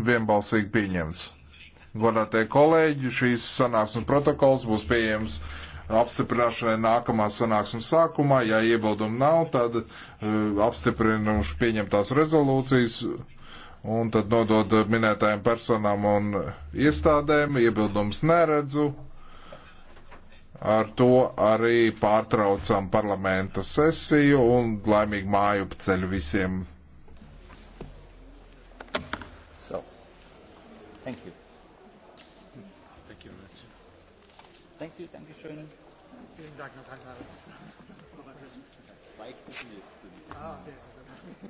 vienbalsīgi pieņemts. Godātie kolēģi, šīs sanāksmes protokols būs pieejams apstiprināšanai nākamā sanāksmes sākumā. Ja iebildumu nav, tad uh, apstiprinuši pieņemtās rezolūcijas un tad nodod minētājiem personām un iestādēm. Iebildumus neredzu. Ar to arī pārtraucam parlamenta sesiju un laimīgu māju ceļu visiem. So, thank you. Thank you very much. Thank you, danke schön. Vielen Dank, Herr Zwei Kuchen jetzt. Ah, okay.